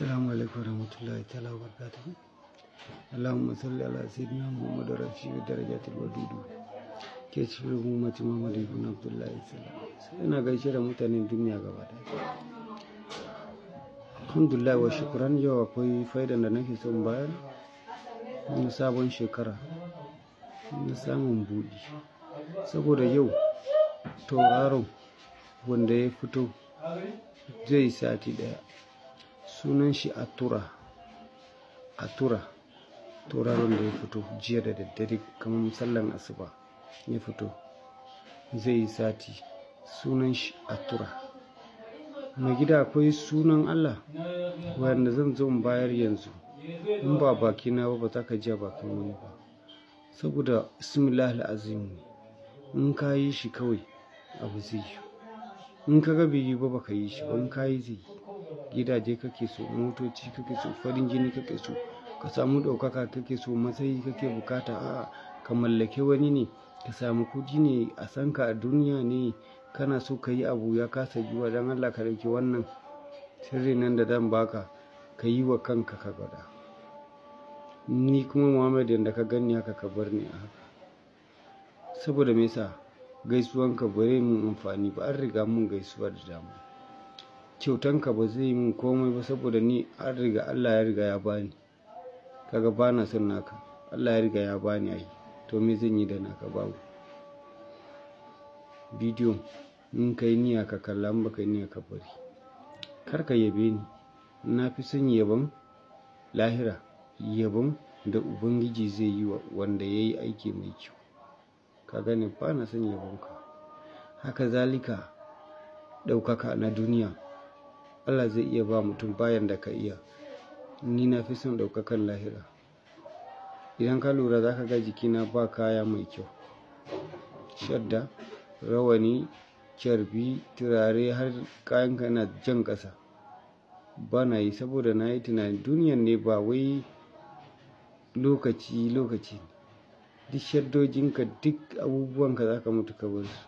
السلام عليكم ورحمة الله تعالى وبركاته اللهم صل على سيدنا محمد رفيع درجات الودود كشف الأمة محمد بن عبد الله السلام سيدنا غيشر متن الدنيا غبادا الحمد لله وشكرا يو أكوي فايدة نكي سنبار نسابون شكرا نسامون بودي saboda yau tauraron wanda ya fito zai sati daya sunan shi a tura tauraron da ya fito jiya da daddare kamar sallan asuba ya fito zai yi sati sunan shi a tura. mai gida akwai sunan allah wanda zan zo bayar yanzu in ba baki na ba za ka ji bakin wani ba saboda bismillah al'azim in ka yi shi kawai abu zai yi in ka ga yi ba baka yi shi ba in ka yi zai yi gidaje kake so motoci kake so farin jini kake so ka samu ɗaukaka kake so matsayi kake bukata a'a ka mallake wani ne ka samu kuɗi ne a san ka a duniya ne kana so ka yi abu ya kasa yiwa don allah ka ɗauki wannan sirri nan da zan baka ka yi wa kanka ka gwada ni kuma muhammad yadda ka gani haka ka bar ni a haka saboda me yasa gaisuwanka bare mun amfani ba an riga mun gaisuwa da dama ka ba zai min komai ba saboda ni an riga Allah ya riga ya bani kaga ba na son naka Allah ya riga ya bani ai to me zan yi da naka babu bidiyo in kai niyya ka kalla in baka niyya ka bari kar ka yabe ni na fi son yabon lahira yabon da ubangiji zai yi wa wanda ya yi aiki mai kyau ka gane ba na son yabonka haka zalika ɗaukaka na duniya Allah zai iya ba mutum bayan da ka iya ni na fi son ɗaukakan lahira idan ka lura za ka ga jikina ba kaya mai kyau shadda rawani kyarbi turare har kayanka na jan ƙasa ba na yi saboda na yi tunanin duniyan ne ba wai lokaci lokaci duk shaddojinka duk abubuwanka za ka mutu ka bar su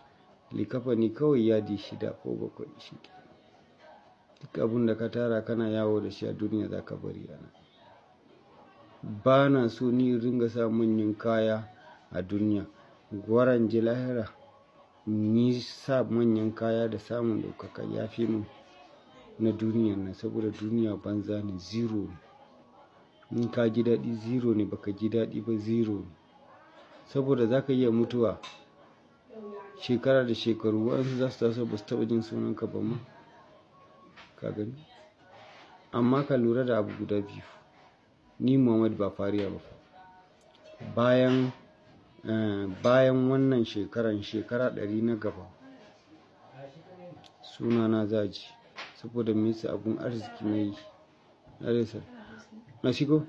likafani kawai yadi shida ko bakwai shi duk abin da ka tara kana yawo da shi a duniya za ka bari ana ba na so ni ringa sa manyan kaya a duniya gwaran ji lahira ni sa manyan kaya da samun ɗaukaka ya fi min na duniya na saboda duniya banza ne zero ne in ka ji daɗi zero ne baka ji daɗi ba zero ne saboda za ka iya mutuwa shekara da shekaru wa'ansu za su taso ba su taɓa jin sunanka ba ma ka gani amma ka lura da abu guda biyu ni muhammad ba fariya ba bayan eh, bayan wannan shekaran shekara ɗari na gaba sunana zaji saboda me yasa abun arziki na yi na shigo